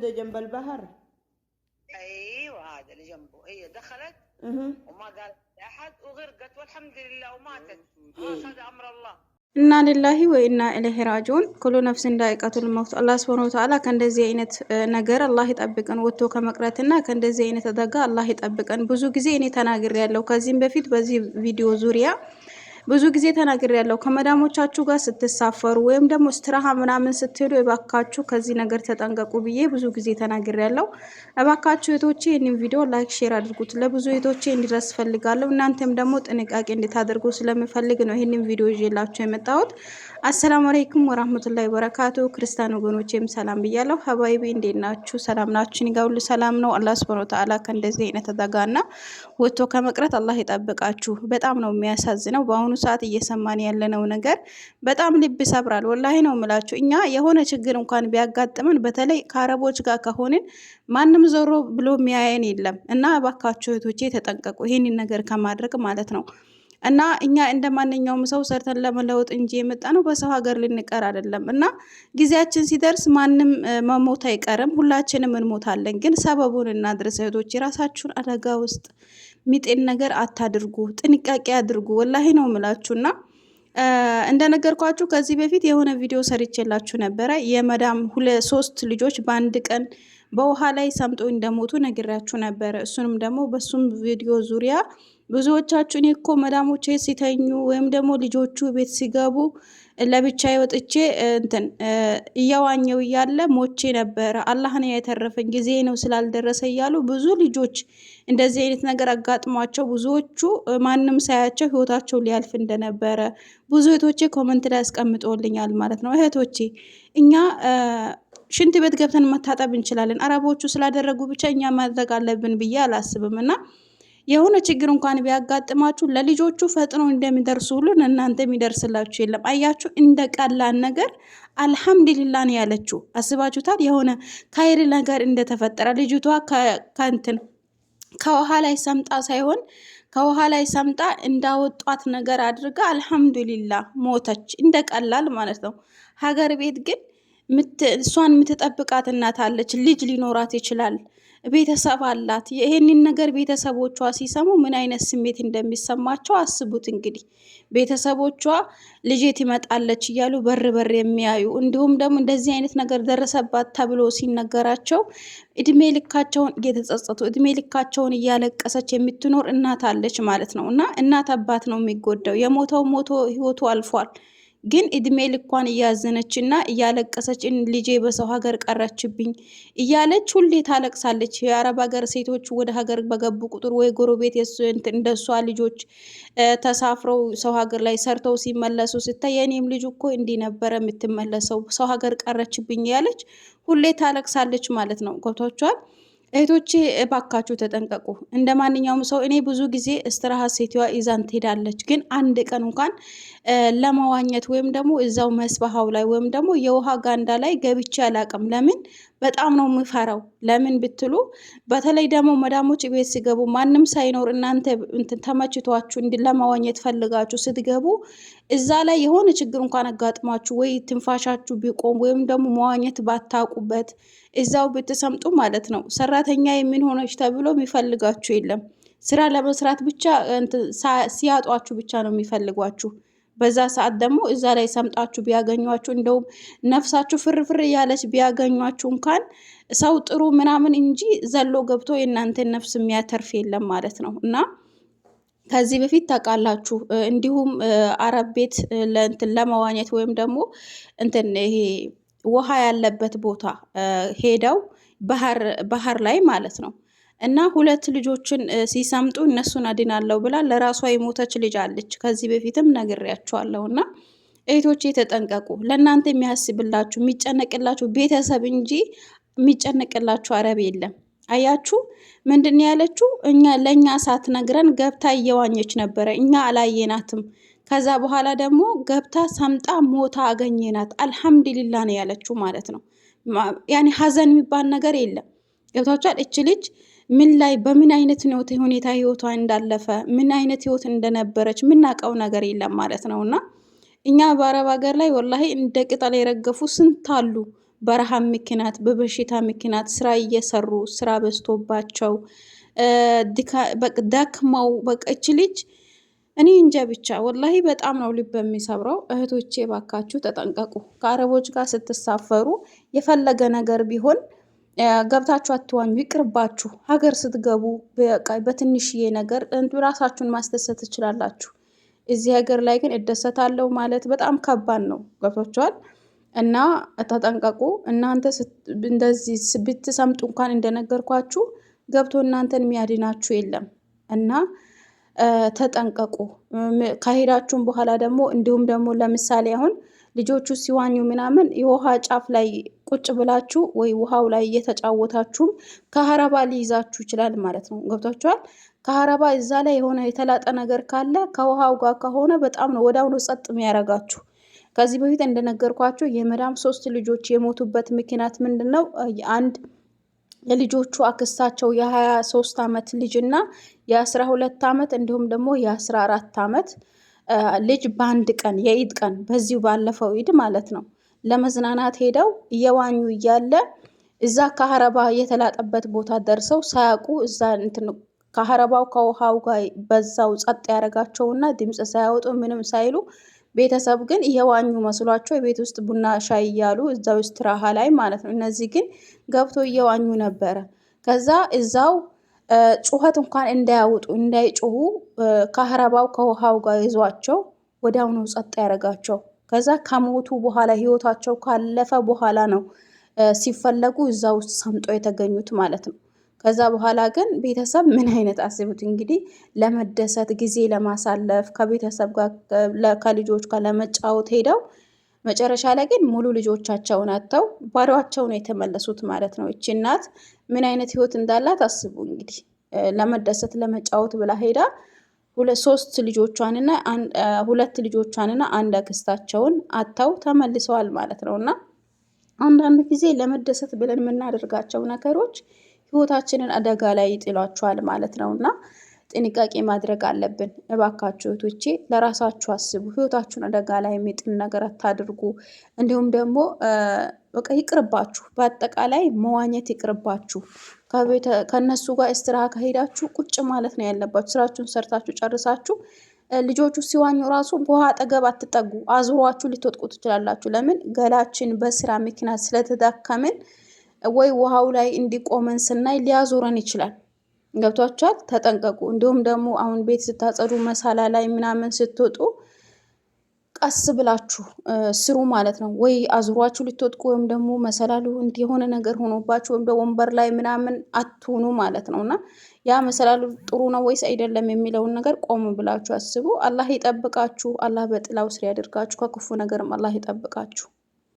موجوده جنب البحر ايوه هذا اللي جنبه هي دخلت وما قالت احد وغرقت والحمد لله وماتت هذا امر الله إنا لله وإنا إليه راجعون كل نفس دائقة الموت الله سبحانه وتعالى كان دزي عينت آه، نجر الله يطبقن وتو كمقرتنا كان دزي عينت دغا الله يطبقن بزو غزي اني تناغر يالو كازين بفيت بزي فيديو زوريا ብዙ ጊዜ ተናግሬ ያለው ከመዳሞቻችሁ ጋር ስትሳፈሩ ወይም ደግሞ ስትራሃ ምናምን ስትሄዱ የባካችሁ ከዚህ ነገር ተጠንቀቁ ብዬ ብዙ ጊዜ ተናግሬ ያለው። እባካችሁ እህቶቼ ይህንን ቪዲዮ ላይክ፣ ሼር አድርጉት ለብዙ እህቶቼ እንዲደርስ ፈልጋለሁ። እናንተም ደግሞ ጥንቃቄ እንድታደርጉ ስለምፈልግ ነው ይህንን ቪዲዮ ይዤላችሁ የመጣሁት። አሰላሙ አለይኩም ወራህመቱላሂ ወበረካቱ። ክርስቲያን ወገኖቼም ሰላም ብያለሁ። ሀባይቢ እንዴት ናችሁ? ሰላም ናችሁ? እኔ ጋር ሁሉ ሰላም ነው። አላህ ሱብሃነሁ ወተዓላ ከእንደዚህ አይነት ተዛጋና ወጥቶ ከመቅረት አላህ ይጠብቃችሁ። በጣም ነው የሚያሳዝነው። በአሁኑ ሰዓት እየሰማን ያለነው ነገር በጣም ልብ ይሰብራል። ወላሂ ነው የምላችሁ። እኛ የሆነ ችግር እንኳን ቢያጋጥመን በተለይ ከአረቦች ጋር ከሆንን ማንም ዞሮ ብሎ የሚያየን የለም እና እባካችሁ እህቶቼ ተጠንቀቁ፣ ይህንን ነገር ከማድረግ ማለት ነው። እና እኛ እንደ ማንኛውም ሰው ሰርተን ለመለወጥ እንጂ የመጣ ነው በሰው ሀገር ልንቀር አይደለም። እና ጊዜያችን ሲደርስ ማንም መሞት አይቀርም፣ ሁላችንም እንሞታለን። ግን ሰበቡን እናድረስ እህቶች። የራሳችሁን አደጋ ውስጥ ሚጤን ነገር አታድርጉ፣ ጥንቃቄ አድርጉ። ወላሂ ነው ምላችሁና እንደነገርኳችሁ ከዚህ በፊት የሆነ ቪዲዮ ሰርቼላችሁ ነበረ የመዳም ሁለ ሶስት ልጆች በአንድ ቀን በውሃ ላይ ሰምጦ እንደሞቱ ነግሬያችሁ ነበረ። እሱንም ደግሞ በሱም ቪዲዮ ዙሪያ ብዙዎቻችሁን እኮ መዳሞቼ ሲተኙ ወይም ደግሞ ልጆቹ ቤት ሲገቡ ለብቻ ወጥቼ እንትን እየዋኘው እያለ ሞቼ ነበረ፣ አላህን የተረፈኝ ጊዜ ነው ስላልደረሰ እያሉ ብዙ ልጆች እንደዚህ አይነት ነገር አጋጥሟቸው ብዙዎቹ ማንም ሳያቸው ህይወታቸው ሊያልፍ እንደነበረ ብዙ እህቶቼ ኮመንት ላይ ያስቀምጦልኛል ማለት ነው። እህቶቼ እኛ ሽንት ቤት ገብተን መታጠብ እንችላለን። አረቦቹ ስላደረጉ ብቻ እኛ ማድረግ አለብን ብዬ አላስብም እና የሆነ ችግር እንኳን ቢያጋጥማችሁ ለልጆቹ ፈጥኖ እንደሚደርሱ ሁሉ እናንተ የሚደርስላችሁ የለም። አያችሁ፣ እንደ ቀላል ነገር አልሐምዱሊላ ነው ያለችው። አስባችሁታል? የሆነ ካይር ነገር እንደተፈጠረ ልጅቷ ከንትን ከውሃ ላይ ሰምጣ ሳይሆን ከውሃ ላይ ሰምጣ እንዳወጧት ነገር አድርጋ አልሐምዱሊላ ሞተች። እንደ ቀላል ማለት ነው። ሀገር ቤት ግን እሷን የምትጠብቃት እናት አለች። ልጅ ሊኖራት ይችላል። ቤተሰብ አላት። ይህንን ነገር ቤተሰቦቿ ሲሰሙ ምን አይነት ስሜት እንደሚሰማቸው አስቡት። እንግዲህ ቤተሰቦቿ ልጄ ትመጣለች እያሉ በር በር የሚያዩ እንዲሁም ደግሞ እንደዚህ አይነት ነገር ደረሰባት ተብሎ ሲነገራቸው እድሜ ልካቸውን እየተጸጸቱ እድሜ ልካቸውን እያለቀሰች የምትኖር እናት አለች ማለት ነው። እና እናት አባት ነው የሚጎዳው። የሞተው ሞቶ ህይወቱ አልፏል። ግን እድሜ ልኳን እያዘነች እና እያለቀሰች ልጄ በሰው ሀገር ቀረችብኝ እያለች ሁሌ ታለቅሳለች። የአረብ ሀገር ሴቶች ወደ ሀገር በገቡ ቁጥር ወይ ጎረቤት እንደሷ ልጆች ተሳፍረው ሰው ሀገር ላይ ሰርተው ሲመለሱ ስታይ የእኔም ልጅ እኮ እንዲህ ነበረ የምትመለሰው ሰው ሀገር ቀረችብኝ እያለች ሁሌ ታለቅሳለች ማለት ነው። ገብቷችኋል? እህቶቼ እባካችሁ ተጠንቀቁ። እንደ ማንኛውም ሰው እኔ ብዙ ጊዜ እስትራሃት ሴትዋ ይዛን ትሄዳለች፣ ግን አንድ ቀን እንኳን ለመዋኘት ወይም ደግሞ እዛው መስበሃው ላይ ወይም ደግሞ የውሃ ጋንዳ ላይ ገብቼ አላቅም። ለምን በጣም ነው የምፈራው። ለምን ብትሉ በተለይ ደግሞ መዳሞች ቤት ሲገቡ ማንም ሳይኖር እናንተ ተመችቷችሁ ለመዋኘት ፈልጋችሁ ስትገቡ እዛ ላይ የሆነ ችግር እንኳን አጋጥሟችሁ ወይ ትንፋሻችሁ ቢቆም ወይም ደግሞ መዋኘት ባታውቁበት እዛው ብትሰምጡ ማለት ነው። ሰራተኛ የምን ሆነች ተብሎ የሚፈልጋችሁ የለም። ስራ ለመስራት ብቻ ሲያጧችሁ ብቻ ነው የሚፈልጓችሁ። በዛ ሰዓት ደግሞ እዛ ላይ ሰምጣችሁ ቢያገኟችሁ እንደውም ነፍሳችሁ ፍርፍር እያለች ቢያገኟችሁ እንኳን ሰው ጥሩ ምናምን እንጂ ዘሎ ገብቶ የእናንተን ነፍስ የሚያተርፍ የለም ማለት ነው እና ከዚህ በፊት ታውቃላችሁ። እንዲሁም አረብ ቤት ለእንትን ለመዋኘት ወይም ደግሞ እንትን ይሄ ውሃ ያለበት ቦታ ሄደው ባህር ላይ ማለት ነው እና ሁለት ልጆችን ሲሰምጡ እነሱን አድናለሁ ብላ ለራሷ የሞተች ልጅ አለች። ከዚህ በፊትም ነግሬያቸዋለሁ። እና እህቶች የተጠንቀቁ ለእናንተ የሚያስብላችሁ የሚጨነቅላችሁ ቤተሰብ እንጂ የሚጨነቅላችሁ አረብ የለም። አያችሁ ምንድን ያለችው? እኛ ለእኛ ሳትነግረን ገብታ እየዋኘች ነበረ፣ እኛ አላየናትም። ከዛ በኋላ ደግሞ ገብታ ሰምጣ ሞታ አገኘናት። አልሐምድሊላ ነው ያለችው ማለት ነው። ያኔ ሀዘን የሚባል ነገር የለም። ገብታችኋል? እች ልጅ ምን ላይ በምን አይነት ሁኔታ ህይወቷ እንዳለፈ ምን አይነት ህይወት እንደነበረች ምናውቀው ነገር የለም ማለት ነው። እና እኛ በአረብ ሀገር ላይ ወላሂ እንደ ቅጠል የረገፉ ስንት አሉ። በረሃብ ምክንያት በበሽታ ምክንያት ስራ እየሰሩ ስራ በዝቶባቸው ደክመው በቀች ልጅ እኔ እንጃ ብቻ ወላሂ በጣም ነው ልብ የሚሰብረው። እህቶቼ ባካችሁ ተጠንቀቁ። ከአረቦች ጋር ስትሳፈሩ የፈለገ ነገር ቢሆን ገብታችሁ አትዋኙ፣ ይቅርባችሁ። ሀገር ስትገቡ በትንሽዬ ነገር ራሳችሁን ማስደሰት ትችላላችሁ። እዚህ ሀገር ላይ ግን እደሰታለሁ ማለት በጣም ከባድ ነው። ገብቷችኋል? እና ተጠንቀቁ። እናንተ እንደዚህ ብትሰምጡ እንኳን እንደነገርኳችሁ ገብቶ እናንተን የሚያድናችሁ የለም እና ተጠንቀቁ። ከሄዳችሁም በኋላ ደግሞ እንዲሁም ደግሞ ለምሳሌ አሁን ልጆቹ ሲዋኙ ምናምን የውሃ ጫፍ ላይ ቁጭ ብላችሁ ወይ ውሃው ላይ እየተጫወታችሁም ከሀረባ ሊይዛችሁ ይችላል ማለት ነው። ገብቷችኋል? ከሀረባ እዛ ላይ የሆነ የተላጠ ነገር ካለ ከውሃው ጋር ከሆነ በጣም ነው ወደ አሁኑ ጸጥ የሚያረጋችሁ። ከዚህ በፊት እንደነገርኳቸው የመዳም ሶስት ልጆች የሞቱበት ምክንያት ምንድን ነው? አንድ የልጆቹ አክስታቸው የሀያ ሶስት ዓመት እና የአስራ ሁለት ዓመት እንዲሁም ደግሞ የአስራ አራት ዓመት ልጅ በአንድ ቀን የኢድ ቀን በዚሁ ባለፈው ኢድ ማለት ነው ለመዝናናት ሄደው እየዋኙ እያለ እዛ ከሀረባ የተላጠበት ቦታ ደርሰው ሳያውቁ እዛ እንትን ከሀረባው ከውሃው ጋር በዛው ጸጥ ያደረጋቸውና ድምፅ ሳያወጡ ምንም ሳይሉ ቤተሰብ ግን እየዋኙ መስሏቸው የቤት ውስጥ ቡና ሻይ እያሉ ውስጥ ረሃ ላይ ማለት ነው። እነዚህ ግን ገብቶ እየዋኙ ነበረ። ከዛ እዛው ጩኸት እንኳን እንዳያወጡ እንዳይጮሁ ከህረባው ከውሃው ጋር ይዟቸው ወዲያውኑ ጸጥ ያደረጋቸው። ከዛ ከሞቱ በኋላ ህይወታቸው ካለፈ በኋላ ነው ሲፈለጉ እዛ ውስጥ ሰምጦ የተገኙት ማለት ነው። ከዛ በኋላ ግን ቤተሰብ ምን አይነት አስቡት እንግዲህ ለመደሰት ጊዜ ለማሳለፍ ከቤተሰብ ጋር ከልጆች ጋር ለመጫወት ሄደው መጨረሻ ላይ ግን ሙሉ ልጆቻቸውን አጥተው ባዶአቸው ነው የተመለሱት ማለት ነው። እቺ እናት ምን አይነት ህይወት እንዳላት አስቡ እንግዲህ ለመደሰት ለመጫወት ብላ ሄዳ ሶስት ልጆቿንና ሁለት ልጆቿንና አንድ አክስታቸውን አጥተው ተመልሰዋል ማለት ነው። እና አንዳንድ ጊዜ ለመደሰት ብለን የምናደርጋቸው ነገሮች ህይወታችንን አደጋ ላይ ይጥሏቸዋል ማለት ነው እና ጥንቃቄ ማድረግ አለብን። እባካችሁ እህቶቼ ለራሳችሁ አስቡ። ህይወታችሁን አደጋ ላይ የሚጥን ነገር አታድርጉ። እንዲሁም ደግሞ በቃ ይቅርባችሁ፣ በአጠቃላይ መዋኘት ይቅርባችሁ። ከእነሱ ጋር እስትራሃ ከሄዳችሁ ቁጭ ማለት ነው ያለባችሁ። ስራችሁን ሰርታችሁ ጨርሳችሁ ልጆቹ ሲዋኙ ራሱ በውሃ አጠገብ አትጠጉ። አዙሯችሁ ልትወጥቁ ትችላላችሁ። ለምን ገላችን በስራ ምክንያት ስለተዳከምን ወይ ውሃው ላይ እንዲቆመን ስናይ ሊያዞረን ይችላል። ገብቷችኋል? ተጠንቀቁ። እንዲሁም ደግሞ አሁን ቤት ስታጸዱ መሳላ ላይ ምናምን ስትወጡ ቀስ ብላችሁ ስሩ ማለት ነው። ወይ አዙሯችሁ ልትወጥቁ ወይም ደግሞ መሰላሉ የሆነ ነገር ሆኖባችሁ ወይም ወንበር ላይ ምናምን አትሆኑ ማለት ነው እና ያ መሰላሉ ጥሩ ነው ወይስ አይደለም የሚለውን ነገር ቆም ብላችሁ አስቡ። አላህ ይጠብቃችሁ። አላህ በጥላው ስር ያደርጋችሁ። ከክፉ ነገርም አላህ ይጠብቃችሁ።